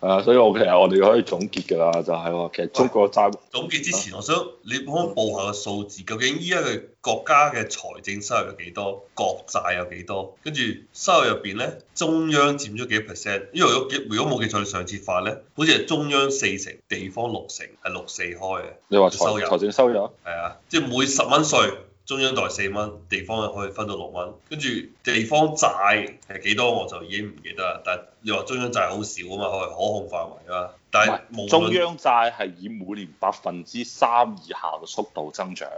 啊，所以我其實我哋可以總結㗎啦，就係、是、話、啊、其實中國債總結之前，啊、我想你可唔可報下個數字？究竟依家嘅國家嘅財政收入有幾多？國債有幾多？跟住收入入邊咧，中央佔咗幾多 percent？因為如果如果冇記錯，上次發咧，好似係中央四成，地方六成，係六四開嘅。你話收入，財政收入係啊，即、就、係、是、每十蚊稅。中央袋四蚊，地方可以分到六蚊，跟住地方債係幾多，我就已經唔記得啦。但係你話中央債好少啊嘛，係可控範圍啦。但係中央債係以每年百分之三以下嘅速度增長，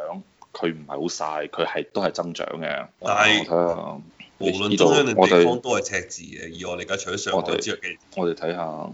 佢唔係好晒，佢係都係增長嘅。但係無論中央定地方都係赤字嘅，而我哋而家除咗上海之外，我哋睇下。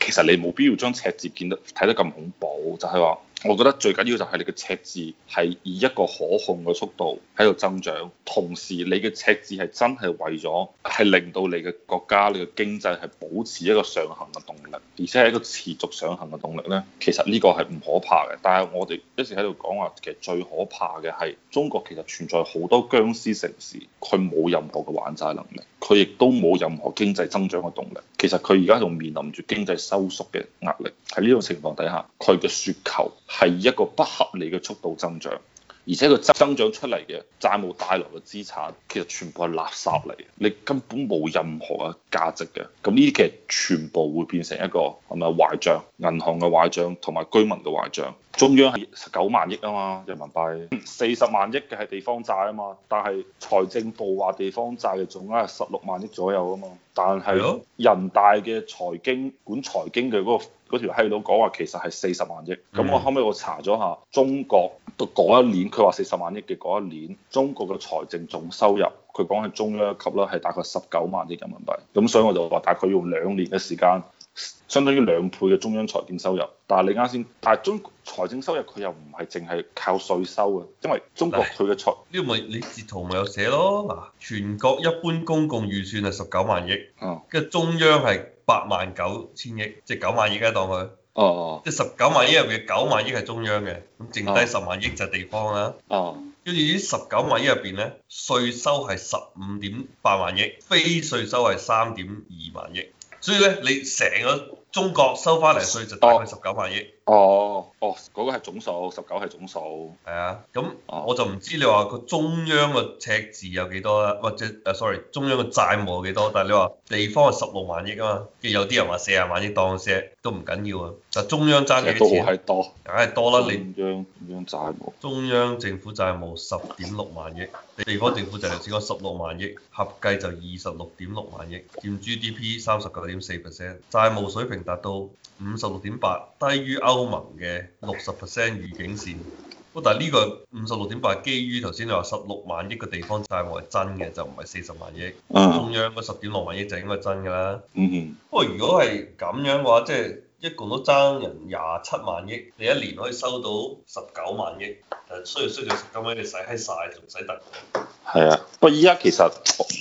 其實你冇必要將赤字見得睇得咁恐怖，就係話。我覺得最緊要就係你嘅赤字係以一個可控嘅速度喺度增長，同時你嘅赤字係真係為咗係令到你嘅國家你嘅經濟係保持一個上行嘅動力，而且係一個持續上行嘅動力呢，其實呢個係唔可怕嘅。但係我哋一直喺度講話，其實最可怕嘅係中國其實存在好多僵屍城市，佢冇任何嘅還債能力。佢亦都冇任何經濟增長嘅動力，其實佢而家仲面臨住經濟收縮嘅壓力。喺呢種情況底下，佢嘅雪球係以一個不合理嘅速度增長。而且佢增增長出嚟嘅債務帶來嘅資產，其實全部係垃圾嚟，你根本冇任何嘅價值嘅。咁呢啲其實全部會變成一個係咪壞賬？銀行嘅壞賬同埋居民嘅壞賬。中央係十九萬億啊嘛，人民幣四十萬億嘅係地方債啊嘛，但係財政部話地方債嘅總額係十六萬億左右啊嘛，但係人大嘅財經管財經嘅嗰、嗰個。嗰條閪佬講話其實係四十萬億，咁我後尾我查咗下中國，到嗰一年佢話四十萬億嘅嗰一年，中國嘅財政總收入，佢講係中央一級啦，係大概十九萬億人民幣，咁所以我就話大概用兩年嘅時間。相當於兩倍嘅中央財政收入，但係你啱先，但係中財政收入佢又唔係淨係靠稅收嘅，因為中國佢嘅財呢個咪你截圖咪有寫咯，嗱，全國一般公共預算係十九萬億，跟住、啊、中央係八萬九千億，即係九萬億一當佢，哦，啊、即係十九萬億入邊嘅九萬億係中央嘅，咁剩低十萬億就係地方啦，哦，跟住呢十九萬億入邊咧，稅收係十五點八萬億，非稅收係三點二萬億。所以咧，你成個中國收翻嚟稅就大概十九萬億。哦，哦，嗰、那個係總數，十九係總數，係啊，咁、嗯、我就唔知你話個中央個赤字有幾多啦，或者誒，sorry，中央嘅債務有幾多？但係你話地方係十六萬億啊嘛，即係有啲人話四啊萬億當石都唔緊要啊，但中央揸幾多錢？赤字係多，梗係多啦。你央中央債務，中央政府債務十點六萬億，地方政府債務只講十六萬億，合計就二十六點六萬億，佔 GDP 三十九點四 percent，債務水平達到五十六點八，低於歐歐盟嘅六十 percent 預警線，不過但係呢個五十六點八基於頭先你話十六萬億嘅地方債務係真嘅，就唔係四十萬億。中央嗰十點六萬億就應該係真㗎啦。嗯哼。不過如果係咁樣嘅話，即係。一共都爭人廿七萬億，你一年可以收到需要需要十九萬億，誒，衰就衰在十九萬億使閪晒就唔使突？係啊，不過依家其實，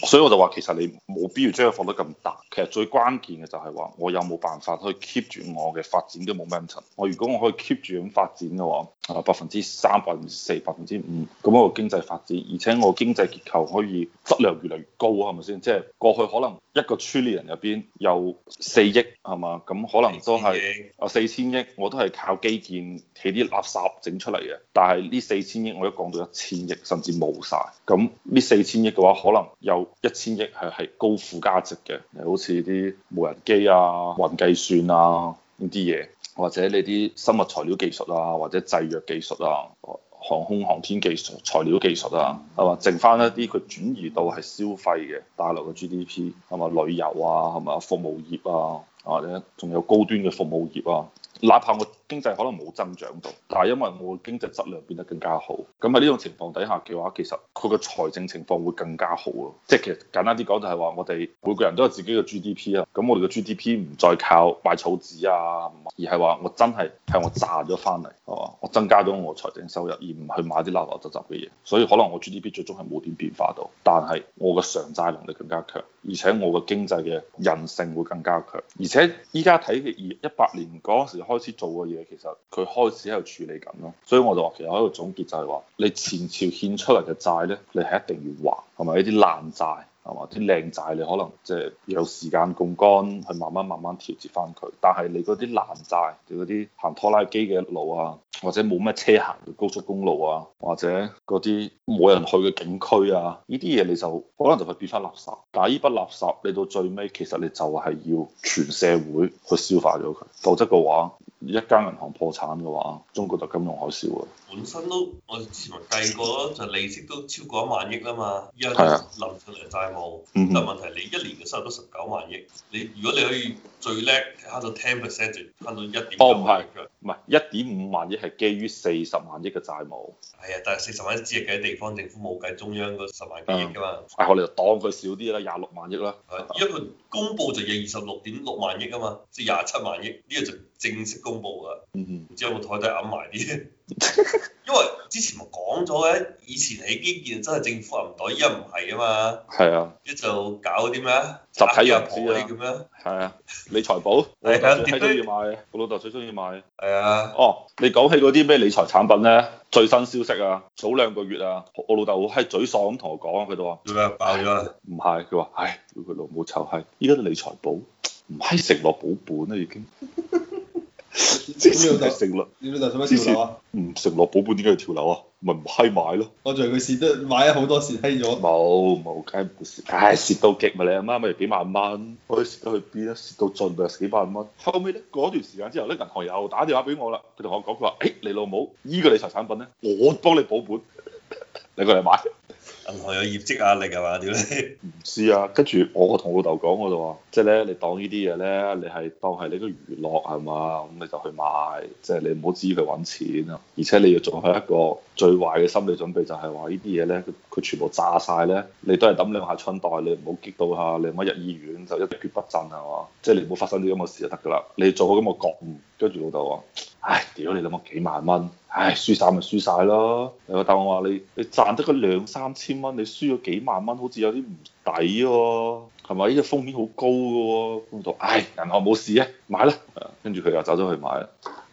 所以我就話其實你冇必要將佢放得咁大，其實最關鍵嘅就係話，我有冇辦法去 keep 住我嘅發展都冇咩唔同。我如果我可以 keep 住咁發展嘅話，啊，百分之三、百分之四、百分之五，咁我經濟發展，而且我經濟結構可以質量越嚟越高，係咪先？即係過去可能一個 trillion 入邊有四億，係嘛？咁可能都係。啊四千億，我都係靠基建起啲垃圾整出嚟嘅。但係呢四千億，我一降到一千億，甚至冇晒。咁呢四千億嘅話，可能有一千億係係高附加值嘅，好似啲無人機啊、雲計算啊呢啲嘢，或者你啲生物材料技術啊，或者製藥技術啊、航空航天技術、材料技術啊，係嘛？剩翻一啲佢轉移到係消費嘅大陸嘅 GDP，係嘛？旅遊啊，係嘛？服務業啊。或者仲有高端嘅服務業啊，哪怕我。經濟可能冇增長到，但係因為我經濟質量變得更加好，咁喺呢種情況底下嘅話，其實佢個財政情況會更加好咯。即係其實簡單啲講，就係話我哋每個人都有自己嘅 GDP 啦。咁我哋嘅 GDP 唔再靠賣草紙啊，而係話我真係係我賺咗翻嚟，係嘛，我增加咗我財政收入，而唔去買啲垃垃雜雜嘅嘢。所以可能我 GDP 最終係冇點變化到，但係我嘅償債能力更加強，而且我嘅經濟嘅韌性會更加強。而且依家睇嘅二一八年嗰陣時開始做嘅嘢。其實佢開始喺度處理緊咯，所以我就話其實喺度總結就係話，你前朝獻出嚟嘅債呢，你係一定要還，係咪？呢啲爛債，係咪？啲靚債你可能即係有時間槓桿，去慢慢慢慢調節翻佢。但係你嗰啲爛債，你嗰啲行拖拉機嘅路啊，或者冇咩車行嘅高速公路啊，或者嗰啲冇人去嘅景區啊，呢啲嘢你就可能就會變翻垃圾。但係呢筆垃圾，你到最尾其實你就係要全社會去消化咗佢，否則嘅話。一間銀行破產嘅話，中國就金融海嘯啊！本身都我之前咪計過咯，就利、是、息都超過一萬億啦嘛。然後臨陣嚟債務，的但問題你一年嘅收入都十九萬億，你如果你可以最叻慳到 ten p e r c e n t 就 g 到一點五萬億唔係一點五萬億係基於四十萬億嘅債務。係啊，但係四十萬億只係計地方政府冇計中央嗰十萬幾億㗎嘛。係我哋就當佢少啲啦，廿六萬億啦。係因為公佈就係二十六點六萬億啊嘛，即係廿七萬億呢、這個就。正式公布㗎，唔知有冇台底揞埋啲？ 因為之前咪講咗嘅，以前起基建真係政府銀袋，依家唔係啊嘛。係啊，一就搞啲咩集體入市啲咁樣。係啊，啊啊理財寶？你睇最中意買嘅。我老豆最中意買。係啊、哎呀。哎、呀哦，你講起嗰啲咩理財產品咧？最新消息啊，早兩個月啊，我老豆好閪沮喪咁同我講，佢都話：，做咩爆咗？唔係，佢話：，唉，佢老，老母臭閪！依家啲理財寶唔閪承諾保本啦，已經。 呢度就剩啦，呢度就做咩事啊？唔承諾保本，點解要跳樓啊？咪唔閪買咯、哎！我仲以為佢蝕得買咗好多時，蝕咗。冇冇梗係唔蝕，唉，蝕到極咪你阿媽咪幾萬蚊，佢蝕到去邊啊？蝕到盡咪又蝕幾萬蚊。後尾咧，嗰段時間之後咧，銀行又打電話俾我啦。佢同我講，佢話：，誒、哎，你老母依、這個理財產品咧，我幫你保本。 你過嚟來買，銀行有業績壓力係嘛？點咧？唔知啊。跟住我同老豆講，我就話，即係咧，你當呢啲嘢，咧你係當係你個娛樂係嘛？咁你就去買，即係你唔好只意去搵錢啊。而且你要做好一個最壞嘅心理準備就，就係話呢啲嘢咧，佢佢全部炸晒咧，你都係抌兩下春袋，你唔好激到下，你唔好入醫院就一蹶不振係嘛？即係你唔好發生啲咁嘅事就得噶啦。你做好咁個覺悟，跟住老豆話。唉，屌你諗下幾萬蚊，唉，輸曬咪輸晒咯。有個客戶話你，你賺得嗰兩三千蚊，你輸咗幾萬蚊，好似有啲唔抵喎，係咪？呢個風險好高嘅喎、啊。咁我話，唉，銀行冇事啊，買啦。跟住佢又走咗去買。誒、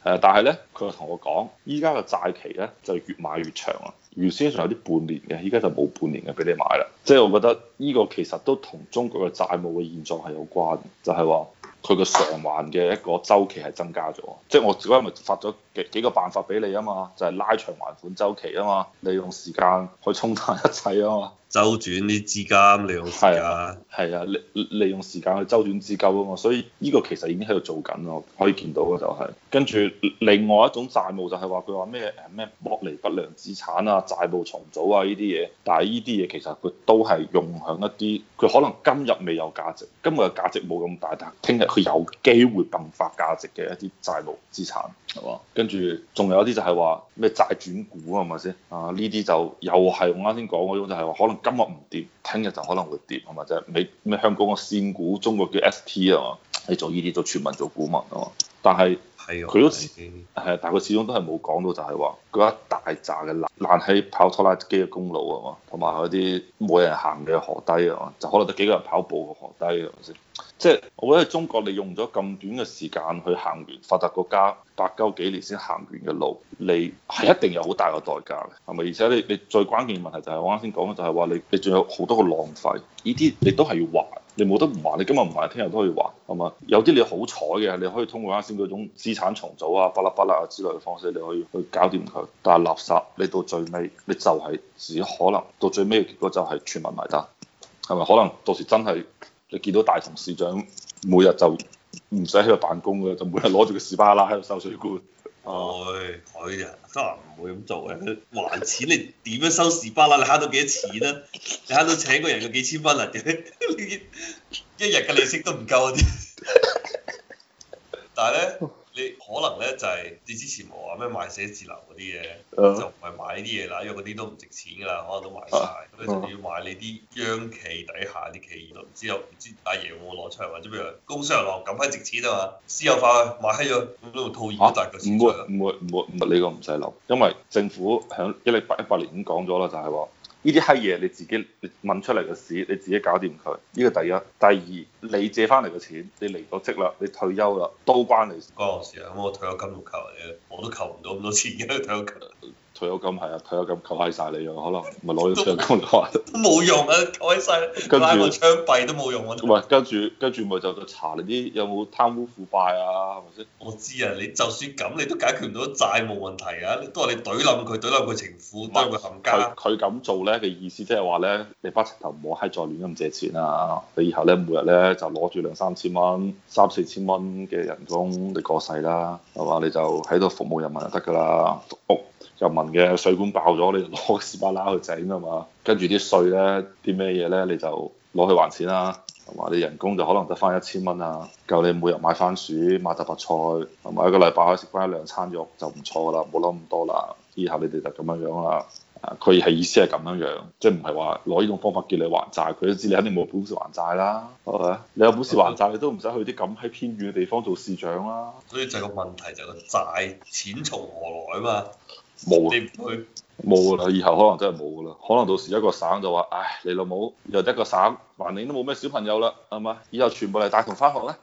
啊，但係咧，佢又同我講，依家嘅債期咧就越買越長啊，原先仲有啲半年嘅，依家就冇半年嘅俾你買啦。即、就、係、是、我覺得呢個其實都同中國嘅債務嘅現狀係有關，就係話。佢嘅償還嘅一個周期係增加咗，即係我只不過因為發咗。幾個辦法俾你啊嘛，就係、是、拉長還款周期啊嘛，利用時間去沖淡一切啊嘛，周轉啲資金利用係啊係啊，利、啊、利用時間去周轉資金啊嘛，所以呢個其實已經喺度做緊咯，可以見到就係、是。跟住另外一種債務就係話佢話咩誒咩剝離不良資產啊，債務重組啊呢啲嘢，但係呢啲嘢其實佢都係用向一啲佢可能今日未有價值，今日嘅價值冇咁大，但係聽日佢有機會迸發價值嘅一啲債務資產係嘛，跟住，仲有啲就係話咩債轉股啊，係咪先啊？呢啲就又係我啱先講嗰種，就係、是、話可能今日唔跌，聽日就可能會跌，係咪啫？咩、就、咩、是、香港個仙股，中國叫 ST 啊嘛，你做呢啲做全民做股民啊嘛。但係佢都係，但係佢始終都係冇講到就係話嗰一大扎嘅爛爛喺跑拖拉機嘅公路啊嘛，同埋嗰啲冇人行嘅河底啊嘛，就可能得幾個人跑步嘅河底啊，係咪先？即係、就是，我覺得中國，你用咗咁短嘅時間去行完發達國家百鳩幾年先行完嘅路，你係一定有好大嘅代價嘅，係咪？而且你你最關鍵嘅問題就係、是、我啱先講嘅，就係話你你仲有好多嘅浪費，呢啲你都係要還，你冇得唔還。你今日唔還，聽日都可以還，係咪？有啲你好彩嘅，你可以通過啱先嗰種資產重組啊、巴拉巴拉之類嘅方式，你可以去搞掂佢。但係垃圾，你到最尾你就係只可能到最尾嘅結果就係全民埋單，係咪？可能到時真係。你見到大同市長每日就唔使喺度辦公嘅，就每日攞住個士巴啦喺度收水管、 哎。唉、哎，佢啊，真係唔會咁做嘅。佢還錢你點樣收士巴啦？你慳到幾多錢啊？你慳到請個人個幾千蚊啊？ 一日嘅利息都唔夠啲、啊。但係咧。可能咧就係你之前冇話咩賣寫字樓嗰啲嘢，Yeah. 就唔係買呢啲嘢啦，因為嗰啲都唔值錢噶啦，可能都賣晒。咁你 Yeah. 就要買你啲央企底下啲企業咯。唔知有唔知阿爺有冇攞出嚟？或者譬如工商人行工商銀行咁批值錢啊嘛，私有化買閪咗，咁都套現好大個。唔會唔會唔會唔會，呢個唔使諗，因為政府響一零八一八年已經講咗啦，就係話。呢啲閪嘢你自己問出嚟嘅事，你自己搞掂佢。呢個第一，第二，你借翻嚟嘅錢，你離咗職啦，你退休啦，都關你事，關我事啊！咁我退休金又求嚟嘅，我都求唔到咁多錢嘅退休金。 退休金係啊，退休金靠閪晒你啊，可能咪攞咗退休金冇 用啊，靠閪曬，著拉個槍斃都冇用啊。唔係，跟住跟住咪就就查你啲有冇貪污腐敗啊，或者我知啊，你就算咁，你都解決唔到債務問題啊。都話你懟冧佢，懟冧佢情婦，當佢冚家啊。佢佢咁做咧嘅意思，即係話咧，你班頭唔好閪再亂咁借錢啦。你以後咧每日咧就攞住兩三千蚊、三四千蚊嘅人工，你過世啦，係嘛？你就喺度服務人民就得㗎啦，屋人民。嘅水管爆咗，你攞屎巴拉去整啊嘛，跟住啲稅咧，啲咩嘢咧，你就攞去還錢啦，同埋你人工就可能得翻一千蚊啊，夠你每日買番薯買特白菜，同埋一個禮拜可以食翻一兩餐肉就唔錯噶啦，冇諗咁多啦，以後你哋就咁樣樣啦。啊！佢係意思係咁樣樣，即係唔係話攞呢種方法叫你還債，佢都知你肯定冇本事還債啦。係咪啊？你有本事還債，你都唔使去啲咁喺偏遠嘅地方做市長啦。所以就係個問題就係個債錢從何來啊嘛？冇了，你唔去冇噶啦，以後可能真係冇噶啦。可能到時一個省就話，唉，你老母以後得個省，橫掂你都冇咩小朋友啦，係嘛？以後全部嚟帶同返學咧。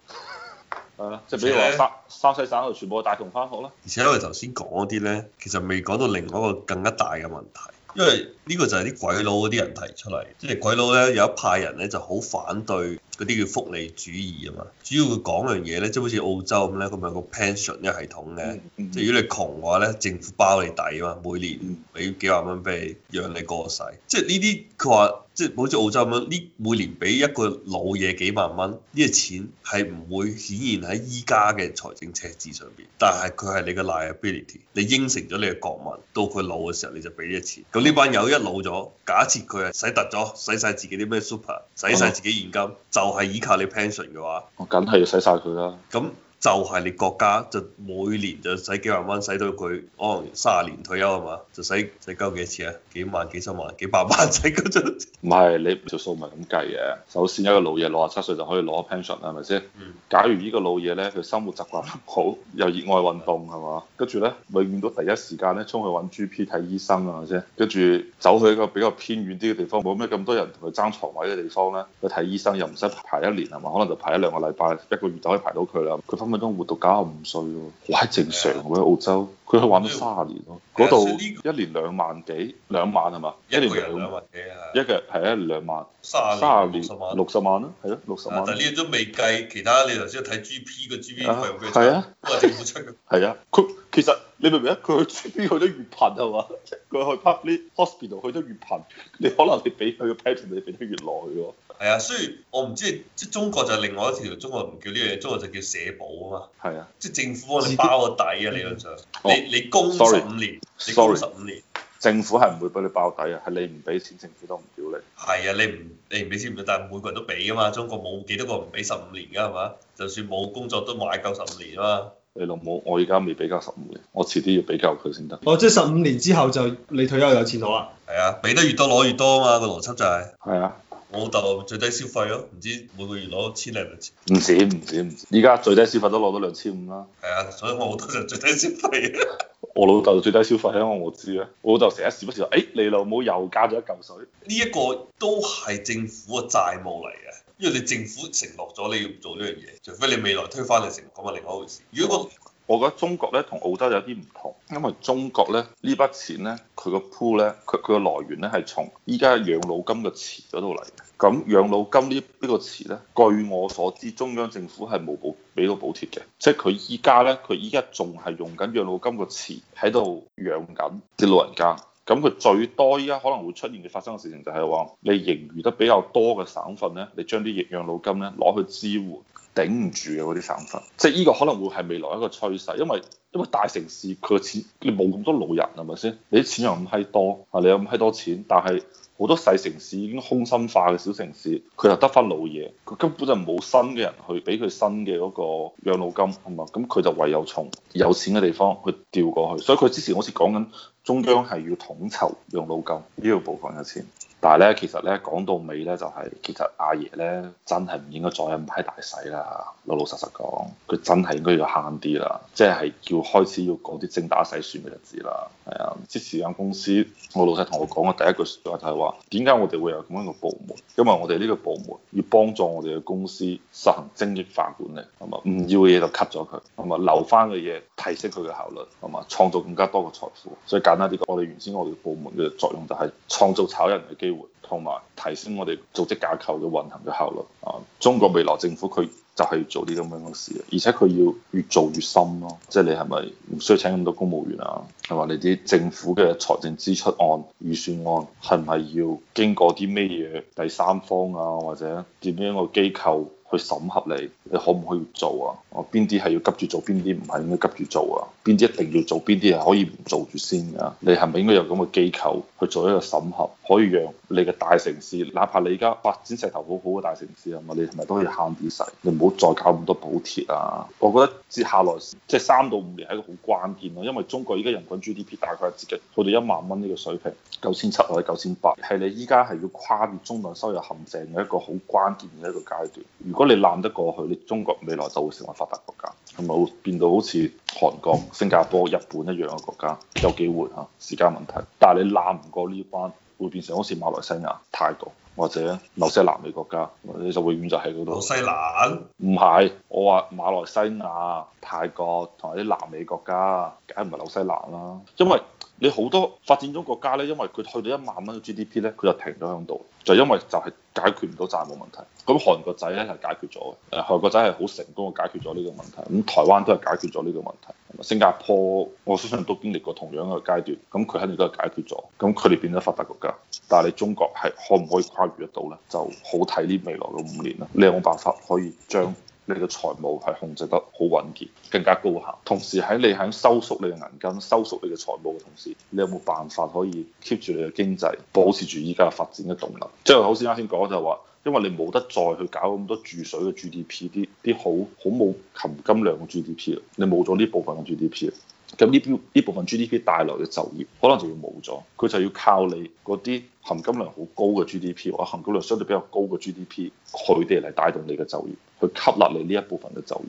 係啊，即係且比如話三山西省度全部大同翻學啦。而且我哋頭先講嗰啲咧，其實未講到另外一個更加大嘅問題，因為呢個就係啲鬼佬嗰啲人提出嚟。即係鬼佬咧有一派人咧就好反對。嗰啲叫福利主義啊嘛，主要佢講樣嘢咧，即係好似澳洲咁咧，佢咪有個 pension 咧系統嘅，即係如果你窮嘅話咧，政府包你底啊嘛，每年俾幾萬蚊俾你養你過世，即係呢啲佢話，即係好似澳洲咁樣，呢每年俾一個老嘢幾萬蚊，呢啲錢係唔會顯現喺依家嘅財政赤字上邊，但係佢係你嘅 liability，你應承咗你嘅國民，到佢老嘅時候你就俾呢啲錢，咁呢班友一老咗，假設佢係使突咗，使晒自己啲咩 super，使晒自己現金就。Oh. 我係依靠你 pension 嘅話，我梗係要洗晒佢啦。咁、嗯。就係你國家就每年就使幾萬蚊使到佢哦，可能卅年退休係嘛？就使使鳩幾多錢啊？幾萬幾十萬幾百萬使嗰陣？唔係你條數唔係咁計嘅。首先一個老嘢六十七歲就可以攞 pension 啦，係咪先？嗯。假如呢個老嘢咧，佢生活習慣好， 又熱愛運動係嘛？跟住咧，永遠都第一時間咧衝去揾 GP 睇醫生係咪先？跟住走去一個比較偏遠啲嘅地方，冇咩咁多人同佢爭床位嘅地方咧，去睇醫生又唔使排一年係嘛？可能就排一兩個禮拜一個月就可以排到佢啦。咁啊，都活到九十五歲喎，哇！好正常喎喺澳洲，佢去玩咗卅年咯。嗰度一年兩萬幾兩萬，係嘛？一年兩萬幾啊？一個係一兩萬，卅卅年，六十萬六十萬啦，係咯，六十萬，但係呢都未計其他，你頭先睇 GP 個 GP 費用幾多啊，佢其實。你明唔明啊？佢去邊佢都越貧係嘛？佢去 public hospital 去得越貧。你可能 n，你俾佢嘅 payment 你俾得越耐喎。係啊，雖然我唔知即係、就是、中國就另外一條，中國唔叫呢樣嘢，中國就叫社保啊嘛。係啊，即係政府幫你包個底啊理論上。你你供十五年，你供十五年，政府係唔會俾你包底啊，係你唔俾錢，政府都唔叫你。係啊，你唔你唔俾錢唔但係每個人都俾㗎嘛。中國冇幾多個唔俾十五年㗎係嘛？就算冇工作都買夠十五年啊嘛。你老母，我而家未俾夠十五年，我遲啲要俾夠佢先得。哦，即係十五年之後就你退休有錢攞啦。係啊，俾得越多攞越多啊嘛，個邏輯就係、係。係啊。我老豆最低消費咯、啊，唔知每個月攞千零兩千。唔止唔止唔止，依家最低消費都攞到兩千五啦。係啊，所以我好多就最低消費、啊。 我老豆最低消費咧，我知啊，我老豆成日時不時話、哎：，你老母又加咗一嚿水。呢一個都係政府嘅債務嚟嘅。因為你政府承諾咗你要做呢樣嘢，除非你未來推翻你承諾，咁啊另外一回事。如果我我覺得中國咧同澳洲有啲唔同，因為中國咧呢筆錢咧佢個 pool 咧佢佢個來源咧係從依家養老金嘅池嗰度嚟嘅。咁養老金呢呢個池咧，據我所知中央政府係冇補俾到補貼嘅，即係佢依家咧佢依家仲係用緊養老金個池喺度養緊啲老人家。咁佢最多依家可能會出現嘅發生嘅事情就係話，你盈餘得比較多嘅省份咧，你將啲養老金咧攞去支援，頂唔住嘅嗰啲省份，即係依個可能會係未來一個趨勢，因為因為大城市佢嘅錢你冇咁多老人係咪先？你啲錢又咁閪多啊，你有咁閪多錢，但係。好多細城市已經空心化嘅小城市，佢就得返老嘢，佢根本就冇新嘅人去俾佢新嘅嗰個養老金，係嘛？咁佢就唯有從有錢嘅地方去調過去，所以佢之前好似講緊中央係要統籌養老金呢個部分嘅錢，但係咧其實咧講到尾咧就係、是、其實阿爺咧真係唔應該再咁批大洗啦，老老實實講，佢真係應該要慳啲啦，即、就、係、是、要開始要過啲精打細算嘅日子啦，係啊，之前間公司我老細同我講嘅第一句說話就係話。點解我哋會有咁樣嘅部門？因為我哋呢個部門要幫助我哋嘅公司實行精益化管理，係嘛？唔要嘅嘢就 cut 咗佢，係嘛？留翻嘅嘢提升佢嘅效率，係嘛？創造更加多嘅財富。所以簡單啲講，我哋原先我哋部門嘅作用就係創造炒人嘅機會，同埋提升我哋組織架構嘅運行嘅效率。啊，中國未來政府佢，就係要做啲咁樣嘅事，而且佢要越做越深咯。即係你係咪唔需要請咁多公務員啊？係咪你啲政府嘅財政支出案、預算案係唔係要經過啲咩嘢第三方啊，或者點樣一個機構？去審核你，你可唔可以做啊？我邊啲係要急住做，邊啲唔係應該急住做啊？邊啲一定要做，邊啲係可以唔做住先㗎？你係咪應該有咁嘅機構去做一個審核，可以讓你嘅大城市，哪怕你而家發展勢頭好好嘅大城市啊嘛，你係咪都可以慳啲使。你唔好再搞咁多補貼啊！我覺得接下來即係三到五年係一個好關鍵咯，因為中國依家人均 GDP 大概係接近去到一萬蚊呢個水平，九千七或者九千八，係你依家係要跨越中等收入陷阱嘅一個好關鍵嘅一個階段。如果你攬得過去，你中國未來就會成為發達國家，係咪會變到好似韓國、新加坡、日本一樣嘅國家？有機會啊，時間問題。但係你攬唔過呢班，會變成好似馬來西亞、泰國或者某些南美國家，你就永遠就喺嗰度。紐西蘭？唔係，我話馬來西亞、泰國同埋啲南美國家，梗唔係紐西蘭啦，因為。你好多發展中國家咧，因為佢去到一萬蚊嘅 G D P 咧，佢就停咗喺度，就是、因為就係解決唔到債務問題。咁韓國仔咧係解決咗嘅，韓國仔係好成功嘅解決咗呢個問題。咁台灣都係解決咗呢個問題。新加坡我相信都經歷過同樣嘅階段，咁佢肯定都係解決咗。咁佢哋變咗發達國家，但係你中國係可唔可以跨越得到咧？就好睇呢未來嘅五年啦。你有冇辦法可以將？你嘅財務係控制得好穩健，更加高效。同時喺你喺收縮你嘅銀根、收縮你嘅財務嘅同時，你有冇辦法可以 keep 住你嘅經濟，保持住依家發展嘅動力？即係好似啱先講就係話，因為你冇得再去搞咁多注水嘅 GDP，啲啲好好冇含金量嘅 GDP，你冇咗呢部分嘅 GDP 咁呢呢部分 GDP 帶來嘅就業，可能就要冇咗，佢就要靠你嗰啲含金量好高嘅 GDP，啊含金量相對比較高嘅 GDP，佢哋嚟帶動你嘅就業，去吸納你呢一部分嘅就業。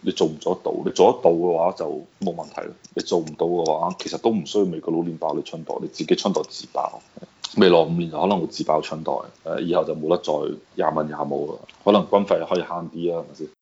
你做唔做得到？你做得到嘅話就冇問題啦。你做唔到嘅話，其實都唔需要美國佬捻爆你春袋，你自己春袋自爆。未來五年就可能會自爆春袋，誒以後就冇得再廿蚊、廿無啦。可能軍費可以慳啲啊，係咪先？